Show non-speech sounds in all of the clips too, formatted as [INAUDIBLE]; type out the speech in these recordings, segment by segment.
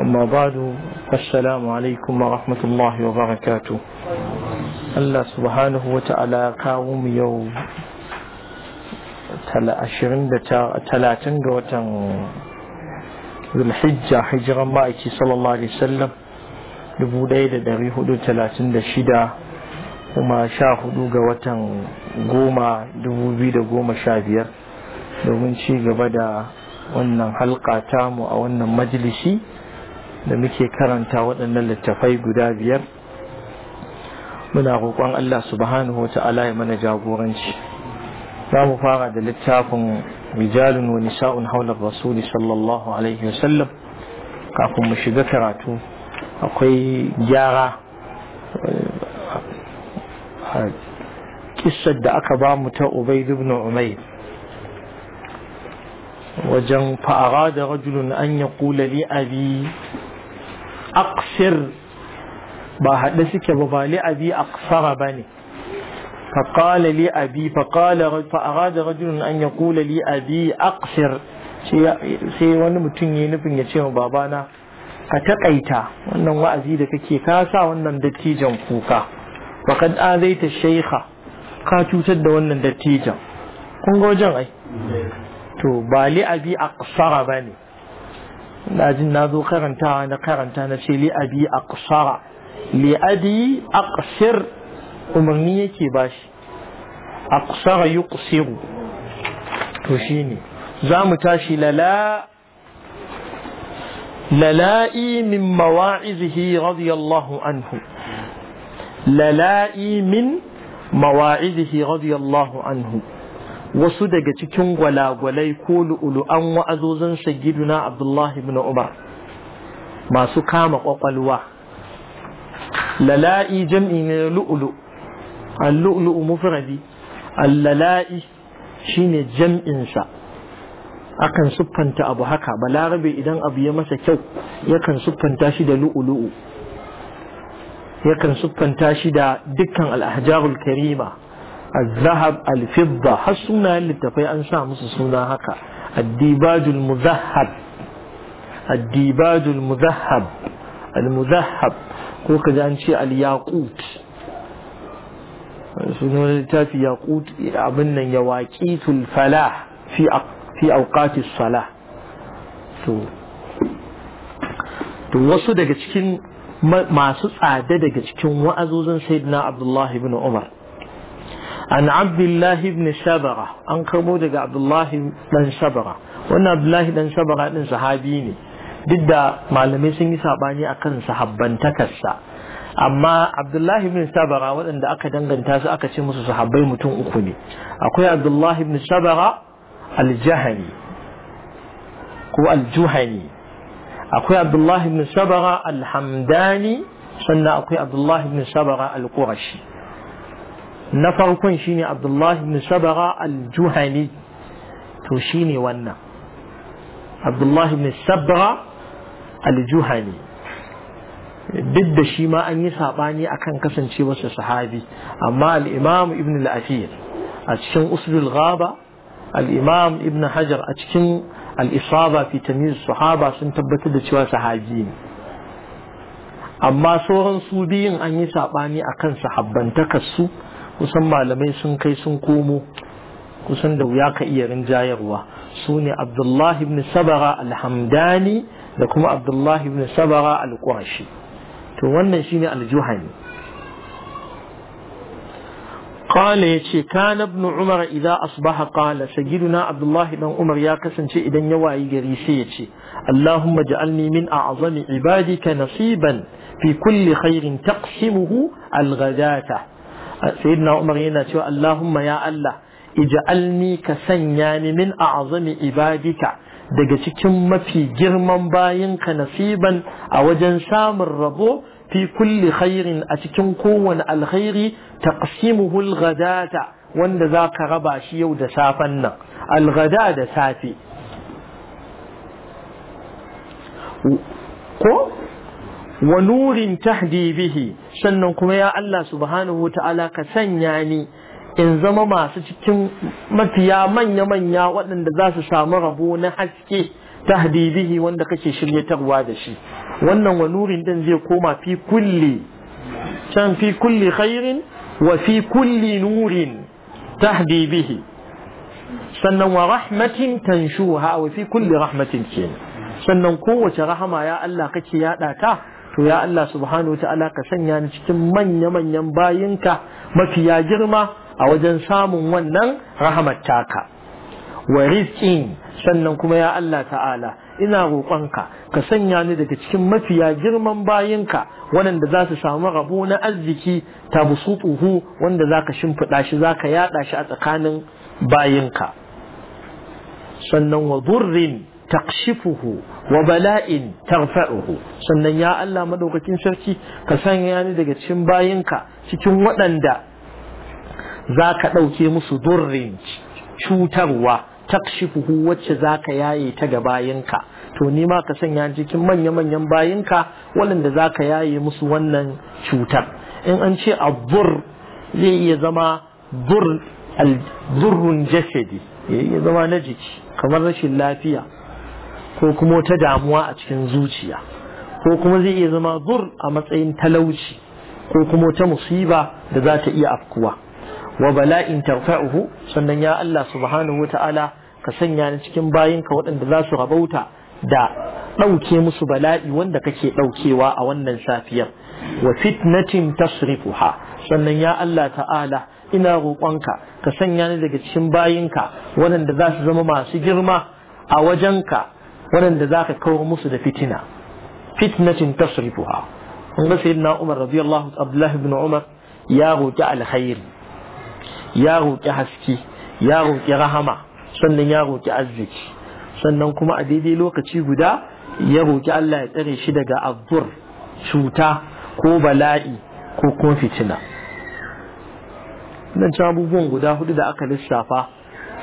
أما بعد السلام عليكم ورحمة الله وبركاته الله سبحانه وتعالى قاوم يوم ashirin da talatin ga watan zulhijja hijiran ma'aiki sallallahu alaihi wasallam dubu ɗaya da ɗari hudu talatin da shida kuma sha hudu ga watan goma dubu biyu da goma sha biyar domin ci gaba da wannan halka tamu a wannan majlisi. da muke karanta waɗannan littafai guda biyar muna roƙon Allah subhanahu wa ta'ala ya mana jagoranci za mu fara da littafin rijalun wa nisa'un haular rasuli sallallahu alaihi wasallam kafin mu shiga karatu akwai gyara kissar da aka ba mu ta ubaid ibn umayr wajen fa'ara da rajulun an ya kula li abi aqsir ba haɗe suke ba ba li abi aqsara ba ne فقال لي أبي da فأراد رجل أن يقول لي أبي أقصر sai wani mutum ya nufin ya ce wa babana ka taƙaita wannan wa'azi da kake ka sa wannan dattijan kuka wa kad azaita shaykha ka cutar da wannan dattijan kun ga wajen ai to ba li abi aqsara bane na jin na zo karantawa na karanta na ce li abi aqsara li abi aqsir umarni yake bashi aqsara yuqsiru to shine za mu tashi lala للائي من مواعظه رضي الله عنه للائي من مواعظه رضي الله عنه wasu daga cikin gwalagwalai ko lu'ulu'an wa'azozin sayyiduna abdullahi ibn umar masu kama kwakwalwa lala'i jam'i ne lu'ulu al-lu'lu'u mufradi al-lala'i shine jam'in sa akan siffanta abu haka balarabe idan abu ya masa kyau yakan siffanta shi da lu'ulu'u yakan siffanta shi da dukkan al-ahjarul karima الذهب الفضة هالسنة اللي تفي أنشاء مص سنة هكا الديباج المذهب الديباج المذهب المذهب هو كذا أنشاء الياقوت سنة تاتي ياقوت أبنا يواكيت الفلاح في أق في أوقات الصلاة تو تو وصل دقيقتين ما ما سوس عدد دقيقتين وأزوزن سيدنا عبد الله بن عمر an abdullahi ibn shabara an karbo daga abdullahi dan shabara wannan abdullahi dan shabara din sahabi ne duk da malamai sun yi sabani akan sahabbantakarsa amma abdullahi ibn shabara waɗanda aka danganta su aka ce musu sahabbai mutum uku ne akwai abdullahi ibn shabara aljahani ko aljuhani akwai abdullahi ibn shabara alhamdani sannan akwai abdullahi ibn shabara alqurashi na farkon shine Abdullah ibn sabara al-juhani to shine wannan Abdullah ibn sabara al-juhani duk da shi ma an yi sabani akan kan kasancewarsa sahabi amma al-Imam ibn al al'afir a cikin usulul ghaba al-Imam ibn hajar a cikin al-Isaba fi Tamyiz sahaba sun tabbatar da cewa sahabi ne amma sauran su biyun an yi sabani akan sahabbantakar su kusan malamai sun kai sun komo kusan da wuya ka iya rinjayarwa su ne abdullahi ibn sabara alhamdani da kuma abdullahi ibn sabara alƙurashi to wannan shi ne aljuhani ya ce kanab قال يتشي كان ابن عمر إذا أصبح قال سيدنا عبد الله بن عمر يا كسن شيء إذا يواي يتشي اللهم اجعلني من أعظم عبادك نصيبا في كل خير تقسمه الغداة سيدنا عمر هنا cewa اللهم يا الله اجعلني كسنياني من اعظم عبادك daga cikin mafi girman bayinka nasiban a wajen samun rabo fi kulli khairin a cikin kowane alkhairi taqsimuhu alghadata wanda za ka raba shi yau da safen nan alghada da safe ko wa nurin tahdi bihi sannan kuma ya Allah subhanahu ta'ala ka sanya ni in zama masu cikin mafiya manya-manya waɗanda za su samu rabo na haske tahdidihi wanda kake shirye shiryatarwa da shi wannan wa nurin din zai koma fi kulli can fi kulli khairin wa fi kulli nurin tahdidihi sannan wa rahmatin tanshuha wa fi kulli rahmatin kenan sannan kowace rahama ya Allah kake yada ta to ya Allah subhanahu wa ta'ala ka sanya ni cikin manya-manyan bayinka mafiya girma a wajen samun wannan rahamar taka wa rizqin sannan kuma ya Allah ta'ala ina roƙonka ka sanya ni daga cikin mafiya girman bayinka waɗanda za su samu rabo na arziki ta busutuhu wanda za ka shimfiɗa shi za ka yaɗa shi a tsakanin bayinka sannan wa burrin takshifuhu wa bala'in tarfa'uhu sannan ya Allah madaukakin sarki ka sanya ni daga cikin bayinka cikin waɗanda za ka ɗauke musu durrin cutarwa takshifuhu wacce za ka yaye ta ga bayinka to ni ma ka sanya cikin manya-manyan bayinka waɗanda za ka yaye musu wannan cutar in an ce abur zai iya zama durrun jasadi ya zama na jiki kamar rashin lafiya ko kuma ta damuwa a cikin zuciya ko kuma zai iya zama zur a matsayin talauci ko kuma ta musiba da za ta iya afkuwa wa bala'in tarfa'uhu sannan ya Allah subhanahu wa ta'ala ka sanya ni cikin bayinka waɗanda za su rabauta da ɗauke musu bala'i wanda kake ɗaukewa a wannan safiyar wa fitnatin tasrifuha sannan ya Allah ta'ala ina roƙonka ka sanya ni daga cikin bayinka waɗanda za su zama masu girma a wajenka waɗanda za ka kawo musu da fitina fitnatin tasrifuha kun ga sayyidina Umar radiyallahu abdullahi ibn Umar ya roƙi alkhairi ya roƙi haske ya roƙi rahama sannan ya roƙi arziki sannan kuma a daidai lokaci guda ya roƙi Allah ya tsare shi daga azzur cuta ko bala'i ko kuma fitina nan abubuwan guda hudu da aka lissafa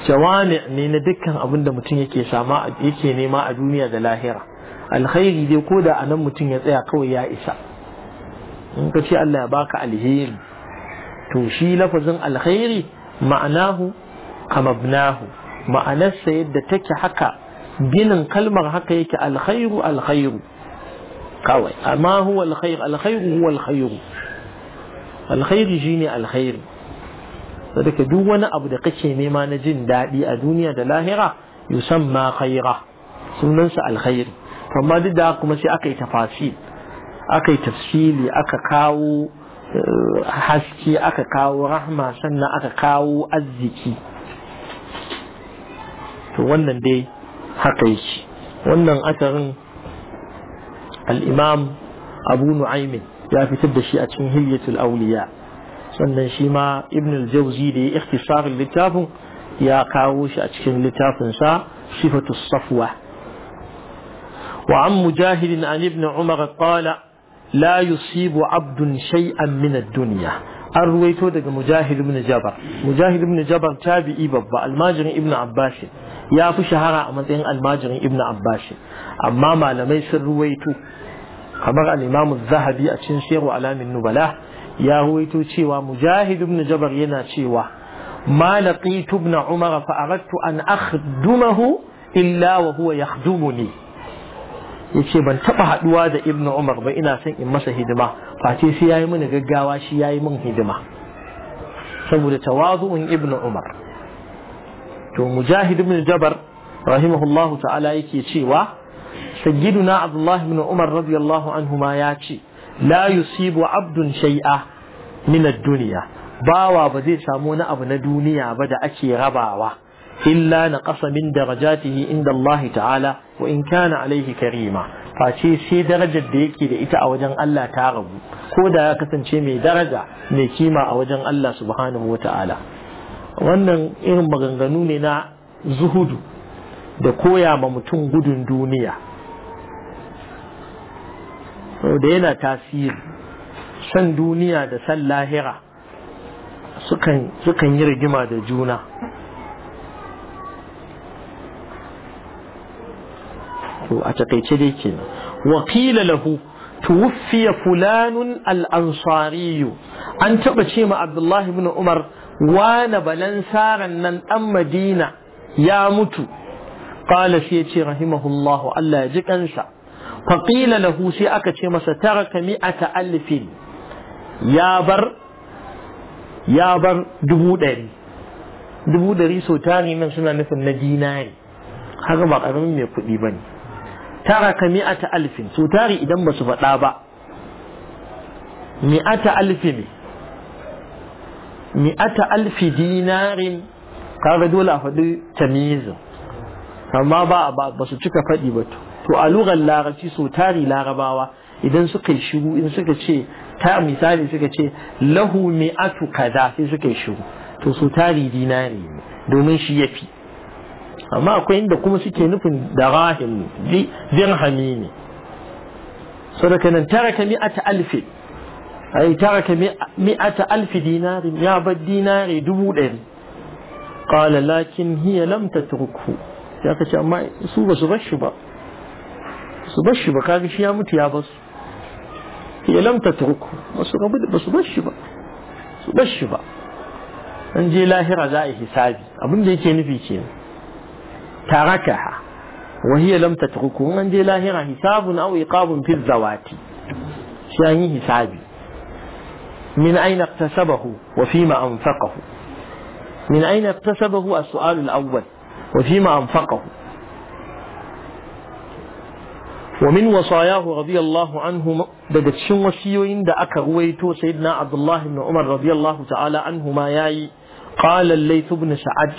jawami ne na dukkan abin da mutum yake sama yake nema a duniya da lahira alkhairi dai ko da anan mutum ya tsaya kawai ya isa in ka ce Allah ya baka alheri to shi lafazin alkhairi ma'anahu kamabnahu ma'anarsa yadda take haka ginin kalmar haka yake alkhairu alkhairu kawai amma huwa alkhairu huwa alkhairu alkhairi shine alkhairu sadaka duk wani abu da kake nema na jin daɗi a duniya da lahira yusamma khaira sunansa alkhairi amma duk da kuma sai aka yi tafasil aka yi tafsili aka kawo eh, haske aka kawo rahma sannan aka kawo arziki to wannan dai haka yake wannan asarin al-imam abu nu'aymin ya fitar da shi a cikin hilyatul awliya sannan shi ma ibn al-jawzi da ya ikhtisarin littafin ya kawo shi a cikin littafinsa sifatu safwa wa an mujahidin an ibn umar qala la yusibu abdun shay'an min ad-dunya an ruwaito daga mujahid ibn jabar mujahid ibn jabar tabi'i babba almajirin ibn abbas ya fi shahara a matsayin almajirin ibn abbas amma malamai sun ruwaito kamar al-imam az-zahabi a cikin sirru alamin nubala ya huwaito cewa mujahid ibn jabar yana cewa ma laqitu ibn umar fa aradtu an akhdumahu illa wa huwa yakhdumuni yace ban taba haduwa da ibn umar ba ina son in masa hidima face sai yayi mini gaggawa shi yayi min hidima saboda tawazu'un ibn umar to mujahid ibn jabar rahimahullahu ta'ala yake cewa na abdullahi ibn umar radiyallahu anhu ma ya ce la yusibu abdun shay'a min ad-dunya bawa ba zai samu wani abu na duniya ba da ake rabawa illa na ƙasa min darajatihi inda Allah ta'ala wa in kana alaihi karima face sai darajar da yake da ita a wajen Allah ta rabu ko da ya kasance mai daraja mai kima a wajen Allah subhanahu wa ta'ala wannan irin maganganu ne na zuhudu da koya ma mutum gudun duniya da yana tasiri san duniya da san lahira sukan yi rigima da juna a takaice dai ke wakila lahu tuwuffiya fulanun al'ansariyu an taɓa ce ma abdullahi bin umar wane tsarin nan ɗan madina ya mutu ƙala ya ce rahimahullahu allah ya ji kansa faƙila lahu sai aka ce masa taraka mi'ata alfin ya bar ya bar dubu ɗari dubu ɗari sau tari nan suna nufin na dinari haka ba ƙaramin mai kuɗi ba ne taraka mi'ata alfin sau tari idan ba su faɗa ba mi'ata alfin mi'ata alfi dinarin kaga dole a faɗi tamizin amma ba ba su cika faɗi ba to to a lugar larabci so tari larabawa idan suka shigo idan suka ce ta misali suka ce lahu mi'atu kaza sai suka shigo to so tari dinari ne domin shi yafi amma akwai inda kuma suke nufin darahim dirhami ne sadaka nan taraka mi'ata alfi ai taraka mi'ata alfi dinari ya bar dinari dubu ɗari قال لكن هي لم تتركه يا kace أما su ba su su bar shi ba kaga shi ya mutu ya bar su ya lamta turku su rabu ba su bar shi ba su bar shi ba an je lahira za a hisabi abin da yake nufi taraka tarakaha wa hiya lam tatruku an je lahira hisabun aw iqabun fi zawati shi an yi hisabi min aina iktasabahu wa fima anfaqahu min aina iktasabahu as-su'al al-awwal wa anfaqahu ومن وصاياه رضي الله عنه دجشن وشيوين دا أكا غويتو سيدنا عبد الله بن عمر رضي الله تعالى عنه ما ياي قال الليث بن سعد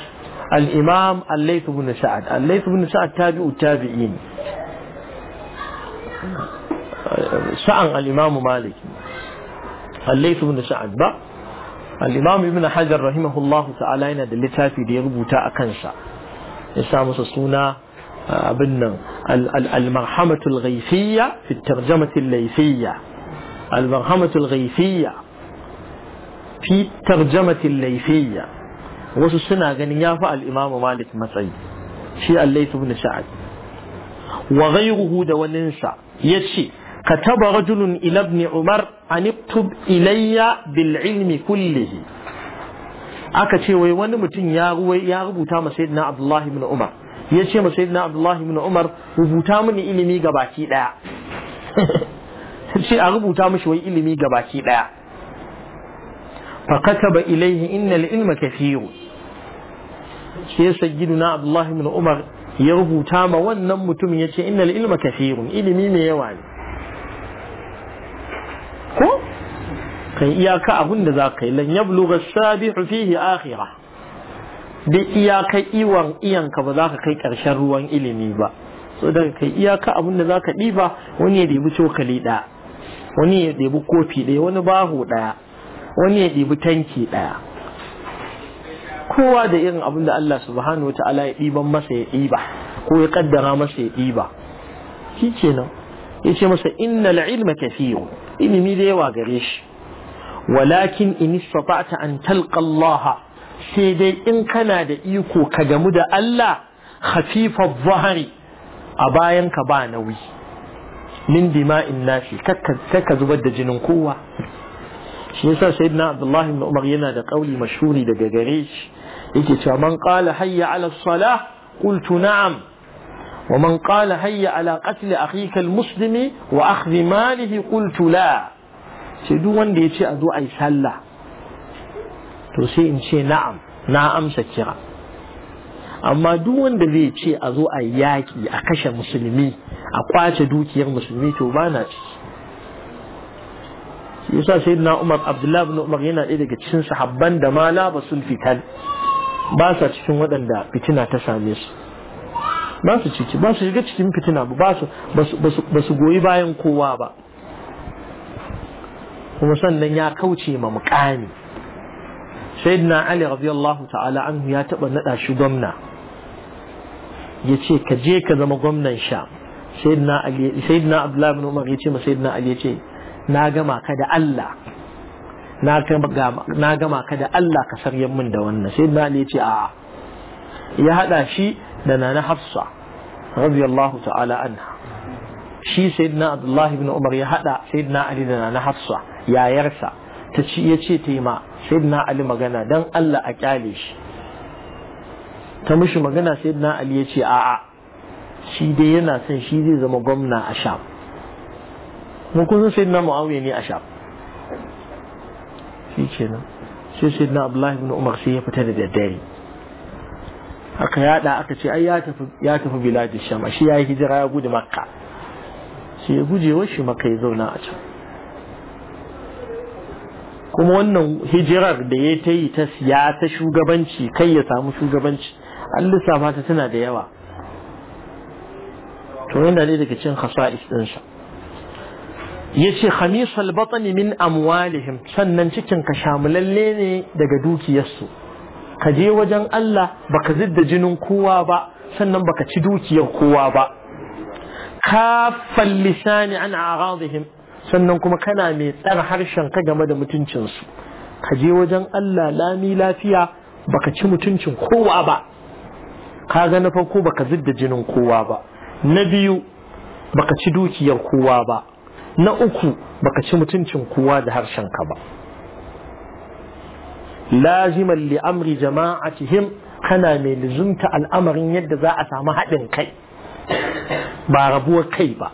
الإمام الليث بن سعد الليث بن سعد تابع التابعين سعن الإمام مالك الليث بن سعد با الإمام ابن حجر رحمه الله تعالى إن دلتا في ديربو أكنسا إسامة سسونا بنا المرحمة الغيثية في الترجمة الليثية المرحمة الغيثية في الترجمة الليثية وش السنة غنيا الإمام مالك مثلا في الليث بن سعد وغيره دوننسى يشي كتب رجل إلى ابن عمر أن اكتب إلي بالعلم كله أكتب ce wai wani mutum ya عبد الله بن عمر ya ce masai na abdullahi ibn umar rubuta mini ilimi ga baki daya sai a rubuta mishi wai ilimi ga baki daya fa kataba ilaihi innal ilma kathiru sai sayyiduna abdullah ibn umar ya rubuta ma wannan mutumin yace ce innal ilma kathirun ilimi ne yawa ne ko kai iyaka abin da za ka yi lan yabluga sabihu fihi akhirah duk iyakai iwan iyanka ba za ka kai ƙarshen ruwan ilimi ba so daga kai iyaka abin da za ka ɗiba wani ya ɗebi cokali ɗaya wani ya ɗebi kofi ɗaya wani baho ɗaya wani ya ɗebi tanki ɗaya kowa da irin abin da Allah subhanahu wa ta'ala ya ɗiban masa ya ɗiba ko ya kaddara masa ya ɗiba shi kenan ya ce masa innal ilma kathiru ilimi da yawa gare shi walakin in istata'ta an talqa Allah sai dai in kana da iko ka gamu da Allah khafifar zahari a bayan ka ba nauyi min dima'in nashi kakka zubar da jinin kowa shi yasa sayyidina Abdullah ibn Umar yana da kauli mashhuri daga gare shi yake cewa man qala hayya ala salah qultu na'am wa man qala hayya ala qatl akhika al-muslimi wa akhdhi malihi qultu la sai duk wanda yace a zo ai sallah to sai in ce na'am na amsa kira amma duk wanda zai ce a zo a yaƙi a kashe musulmi a kwace dukiyar musulmi to ba na ci yasa sai na umar abdullahi bin umar yana ɗaya daga cikin sahabban da ma la sun fitan ba sa cikin waɗanda fitina ta same su ba su ciki ba su shiga cikin fitina ba ba su goyi bayan kowa ba kuma sannan ya kauce ma muƙami sayyidina ali radiyallahu ta'ala anhu ya taba nada shi gwamna ya ce ka je ka zama gwamnan sha sayyidina abdullahi bin umar ya ce ma sayyidina ali ya ce na gama ka da Allah na gama ka da Allah ka saryan min da wannan sayyidina ali ya ce a'a ya hada shi da na nana hafsa radiyallahu ta'ala anha shi sayyidina abdullahi bin umar ya hada sayyidina ali da na hafsa yayarsa ta ci ya ce ta yi ma sayyidina ali magana dan Allah a kyale shi ta mishi magana sayyidina ali ya ce a'a shi dai yana son shi zai zama gwamna a sham mu kun san sayyidina muawiya ne a sham shi kenan sai sayyidina abdullahi ibn umar sai ya fita da daddare aka yada aka ce ai ya tafi ya tafi biladi sham shi ya hijira ya gudu makka sai ya guje wa shi makka ya zauna a can kuma wannan hijirar da ya ta yi ta siya ta shugabanci kai ya samu shugabanci an lissafa ta tana da yawa to yana ne daga cin hasa'is ɗinsa ya ce khamisal batani min amwalihim sannan cikin ka shamulalle ne daga dukiyarsu ka je wajen Allah baka zidda jinin kowa ba sannan baka ci dukiyar kowa ba kafan lisani an a'radihim sannan kuma kana mai tsara harshen ka game da mutuncinsu ka je wajen Allah lami lafiya baka ci mutuncin kowa ba ka ga na farko baka zidda jinin kowa ba na biyu baka ci dukiyar kowa ba na uku baka ci mutuncin kowa da harshen ka ba laziman li amri jama'atihim kana mai lizumta al'amarin yadda za a samu haɗin kai ba rabuwar kai ba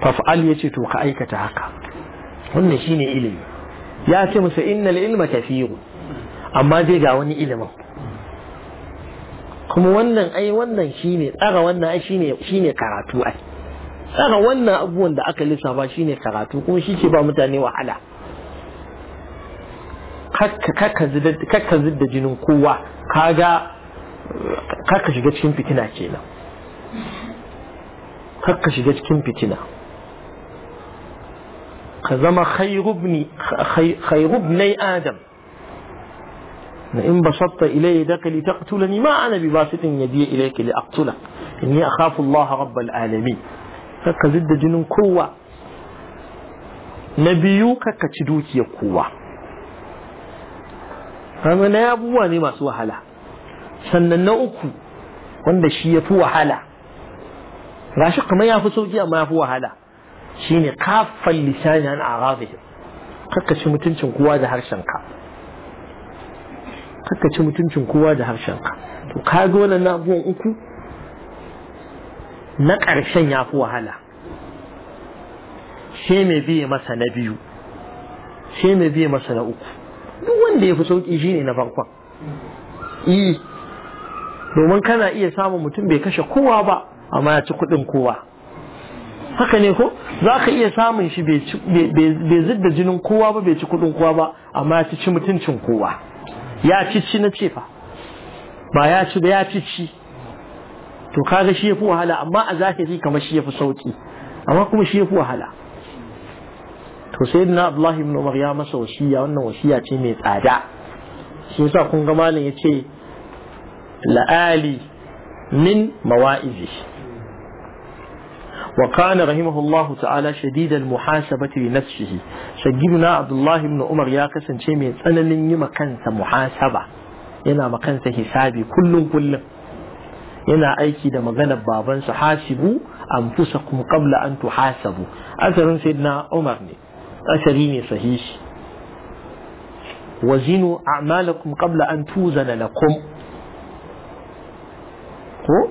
faf'al ce to ka aikata haka wannan shine ilimi ya ce musu innal ilma kafiru amma zai ga wani ilimin kuma wannan ai wannan shine tsara wannan ai shine shine karatu ai tsara wannan abubuwan da aka lissafa shine karatu kuma shi ce ba mutane wahala kakka zidda jinin kowa kaga kakka shiga cikin fitina kenan kakka shiga cikin fitina كزما خير ابني خير ابني آدم إن بسطت إلي يدك لتقتلني ما أنا بباسط يدي إليك لأقتلك إني أخاف الله رب العالمين فكزد جنون قوة نبيوك كتدوك يا قوة فما نابواني ما سوى هلا سنة نوكو وندشي يفوى هلا لا شك ما يفوى سوكي ما يفوى هلا shine kaffan lisani an arabi kakka ci mutuncin kowa da harshen ka kakka ci mutuncin kowa da harshen ka to ka ga wannan abubuwan uku na ƙarshen ya fi wahala she mai biye masa na biyu she mai biye masa na uku duk wanda ya fi sauƙi shine na farkon eh. domin kana iya samun mutum bai kashe kowa ba amma ya ci kuɗin kowa haka ne ko za ka iya samun shi bai zidda jinin kowa ba bai ci kudin kowa ba amma ya ci ci mutuncin kowa ya ci ci na cefa ba ya ci ba ya ci ci to kaga shi ya fi wahala amma a zahiri kamar shi ya fi sauki amma kuma shi ya fi wahala to sai na Abdullahi ibn Umar ya masa wasiya wannan wasiya ce mai tsada shi yasa kun ga malam yace la'ali min mawa'izi وكان رحمه الله تعالى شديد المحاسبة لنفسه سيدنا عبد الله بن عمر يا كسن شيمي لن يما كانت محاسبة ينا ما كانت حسابي كل كل ينا أيكي دم غنب بابان سحاسبوا أنفسكم قبل أن تحاسبوا أثر سيدنا عمر أثريني صحيح وزنوا أعمالكم قبل أن توزن لكم هو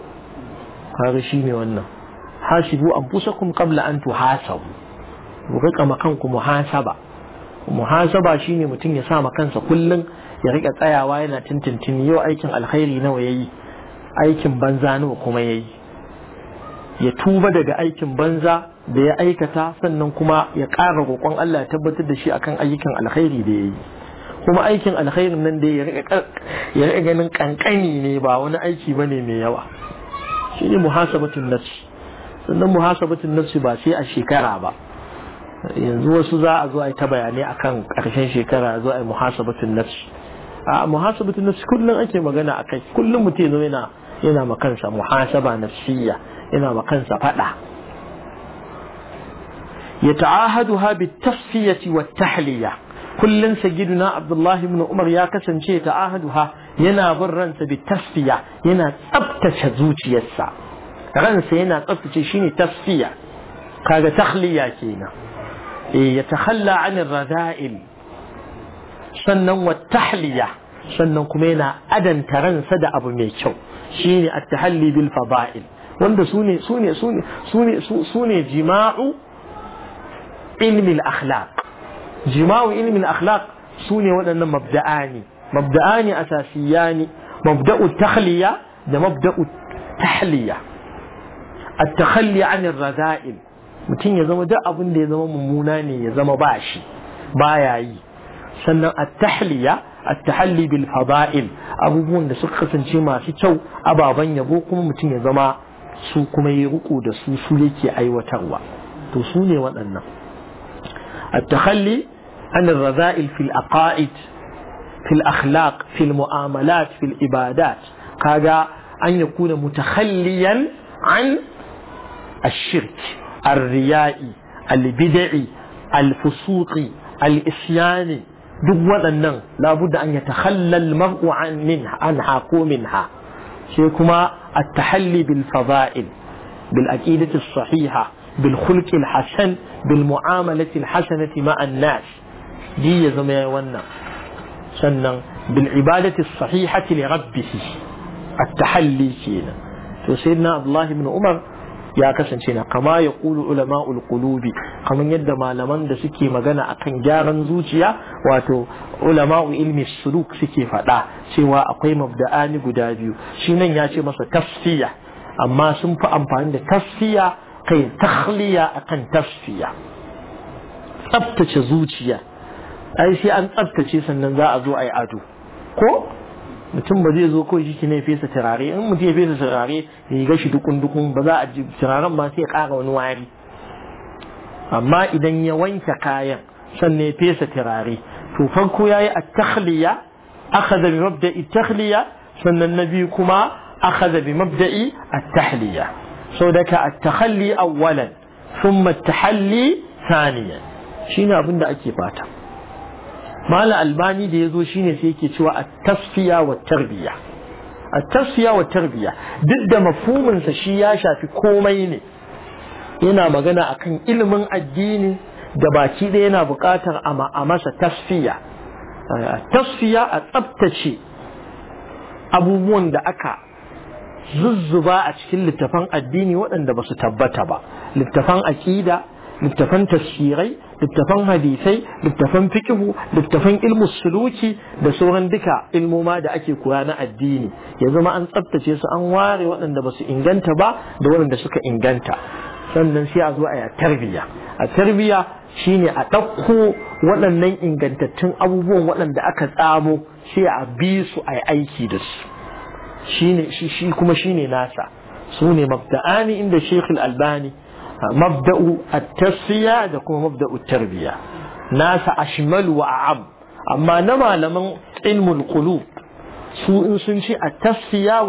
هذا شيء من hasibu anfusakum qabla an tuhasabu ku rika kanku muhasaba muhasaba shine mutum ya sa kansa kullum ya rika tsayawa yana tintintini yau aikin alkhairi nawa yayi aikin banza nawa kuma yayi ya tuba daga aikin banza da ya aikata sannan kuma ya ƙara roƙon Allah ya tabbatar da shi akan ayyukan alkhairi da yayi kuma aikin alkhairin nan da ya rika ganin kankani ne ba wani aiki bane mai yawa shine muhasabatu muhasabatun nafsi sannan muhasabatin nafsi ba sai a shekara ba yanzu wasu za a zo a yi ta bayani a kan ƙarshen shekara a zo a yi muhasabatin nafsi a muhasabatin nafsi kullum ake magana a kai kullum mutum yana yana ma kansa muhasaba nafsiyya yana ma kansa fada يتعاهدها بالتصفية والتحلية كلن سجدنا عبد الله بن عمر يا ha yana bin ransa bi tafsiya yana tsabtace zuciyarsa رنس هنا قلت تشيني تفسيع قال تخلي كينا إيه، يتخلى عن الرذائل سنن والتحلية سنن كمينا أدن ترنس دا أبو ميكو شيني التحلي بالفضائل وند سوني سوني سوني سوني سوني جماع علم الأخلاق جماع علم الأخلاق سوني وأنا مبدأني مبدأني أساسياني مبدأ التخلية ده مبدأ التحلية التخلي عن الرذائل mutum ya zama duk abin da ya zama mummuna ne ya zama ba shi baya yi sannan at-tahliya at-tahalli bil fada'il abubuwan da suka kasance masu kyau ababen yabo kuma mutum ya zama su kuma ya riko da su su yake aiwatarwa to su ne waɗannan at-tahalli an ar-raza'il fil aqaid fil akhlaq fil mu'amalat fil ibadat kaga an yakuna mutakhalliyan an الشرك الريائي البدعي الفسوقي الإسيان دو لا بد أن يتخلى المرء عن منها عنها قو منها شيكما التحلي بالفضائل بالأكيدة الصحيحة بالخلق الحسن بالمعاملة الحسنة مع الناس دي يا بالعبادة الصحيحة لربه التحلي سينا سيدنا عبد الله بن عمر ya kasance na kama ya kulu ulama ulkulubi kamar yadda malaman da suke magana akan gyaran zuciya wato ulama ilmi suluk suke faɗa cewa akwai mabda'ani guda biyu shi nan ya ce masa tafsiya amma sun fi amfani da tafsiya kai takhliya akan tasfiya tsaftace zuciya ai sai an tsaftace sannan za a zo a yi ado ko mutum ba zai zo kawai shi ne fesa turare in mutum ya fesa turare ya ga shi dukun dukun ba za a ji turaren ba sai ya kara wani wari amma idan ya wanke kayan sannan ya fesa turare to farko ya yi a takhliya akhadha bi mabda'i takhliya sannan na biyu kuma akhadha bi mabda'i at-tahliya so daka at-takhalli awwalan thumma at-tahalli thaniyan shine abin da ake fata mala albani da ya zo shine sai yake cewa a tasfiya wa tarbiya a tasfiya wa tarbiya duk da mafhuminsa shi ya shafi komai ne yana magana akan ilimin addini da baki ɗaya yana buƙatar a masa tasfiya tasfiya a tsabtace abubuwan da aka zuzzuba a cikin littafan addini waɗanda ba su tabbata ba littafan aƙida littafan tafsirai littafan hadisai littafan fikihu littafan ilmu suluki da sauran duka ilmu ma da ake kura na addini ya zama an tsabtace su an ware waɗanda ba su inganta ba da waɗanda suka inganta sannan sai a zo a tarbiya a tarbiya shine a ɗauko waɗannan ingantattun abubuwan waɗanda aka tsamo sai a bi su a aiki da su shine shi kuma shine nasa su ne mabda'ani inda shekul albani مبدأ التسفية دكو مبدأ التربية ناس أشمل وأعم أما نما لمن علم القلوب سوء سنشي التسفية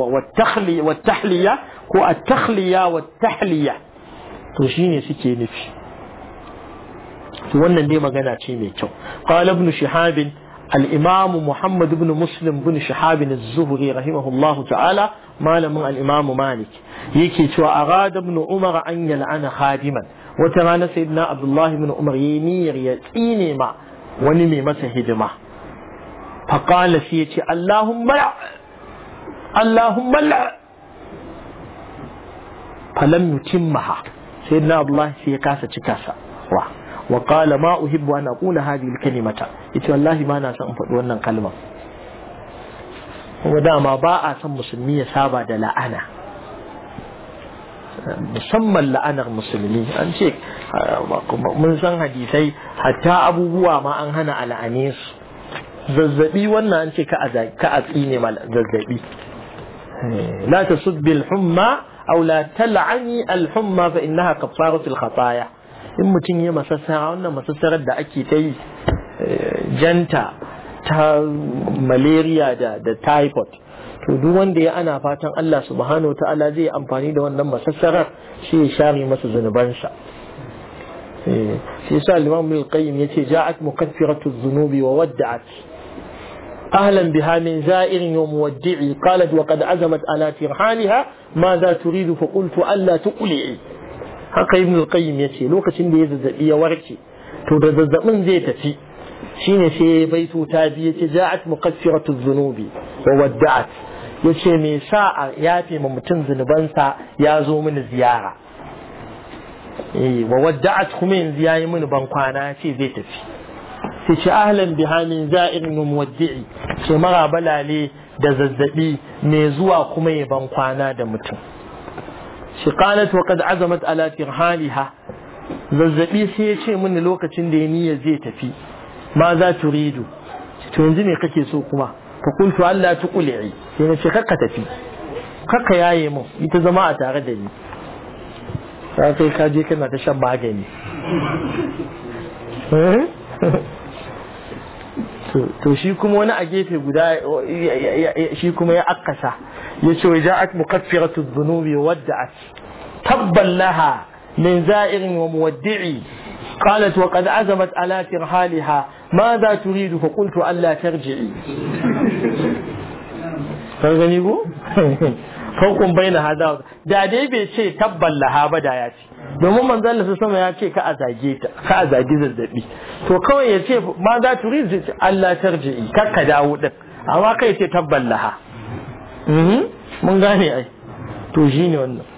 والتخلي والتحلية هو التخلية والتحلية تشيني سكي نفي wannan dai magana ce mai kyau qala ibn shihabin الإمام محمد بن مسلم بن شحاب الزهري رحمه الله تعالى ما لم الإمام مالك يكي أراد ابن عمر أن يلعن خادما وتمان سيدنا عبد الله بن عمر ينير يتيني ما ونمي مسا ما فقال سيتي اللهم لع اللهم لع فلم يتمها سيدنا عبد الله سيكاسة كاسة واه وقال ما أحب أن أقول هذه الكلمة إتو الله ما ناسا أمفضونا الكلمة ودا ما باء سم مسلمية سابة لأنا مسمى لأنا المسلمي أنشيك من سن حديثي حتى أبو بوا ما أنهنا على أنيس زلزبي وانا أنت كأذيني مال زلزبي لا تصد بالحمى أو لا تلعني الحمى فإنها كفارة الخطايا in mutum ya masassara wannan masassarar da ake ta yi janta ta malaria da da typhoid to duk wanda ya ana fatan Allah subhanahu wa ta'ala zai amfani da wannan masassarar shi ya share masa zunubansa shi sai Imam Ibn Qayyim yace ja'at mukaffiratu dhunubi wa wadda'at أهلا بها من زائر ومودعي قالت وقد عزمت على ترحالها ماذا تريد فقلت ألا تقلعي haka ibn al-qayyim yace lokacin da ya zazzabi ya warke to da zazzabin zai tafi shine sai baitu ta bi ce ja'at muqaffiratu dhunubi wa wadda'at yace me sa a yafe ma mutum sa ya zo mini ziyara eh wa wadda'at kuma yanzu yayi mini ban kwana ce zai tafi sai ce ahlan bi min za'irin muwaddi'i sai mara balale da zazzabi mai zuwa kuma ya ban kwana da mutum shi qalat wa qad azamat ala tirhaliha zazzabi sai ya ce mini lokacin da ya niyya zai tafi ma za turidu to yanzu me kake so kuma fa qultu alla tuqli'i sai na ce kakka tafi kakka yaye mu ita zama a tare da ni sai kai ka je kana ta shan magani [LAUGHS] eh? [LAUGHS] to shi kuma wani a gefe guda shi kuma ya akasa ya ce wa ja'at mukaffiratu dhunubi wadda'at tabban laha min za'irin wa muwaddi'i قالت وقد عزمت على ترحالها ماذا تريد فقلت ألا ترجعي فغنيبو farkon baina hada da dai bai ce tabban laha ba da ya ce domin manzon Allah sama ya ce ka a zage zazzabi to kawai ya ce ma za tu ri ce Allah tarji'i kar ka dawo din amma kai ce tabban laha mhm, mun gane ai to shine wannan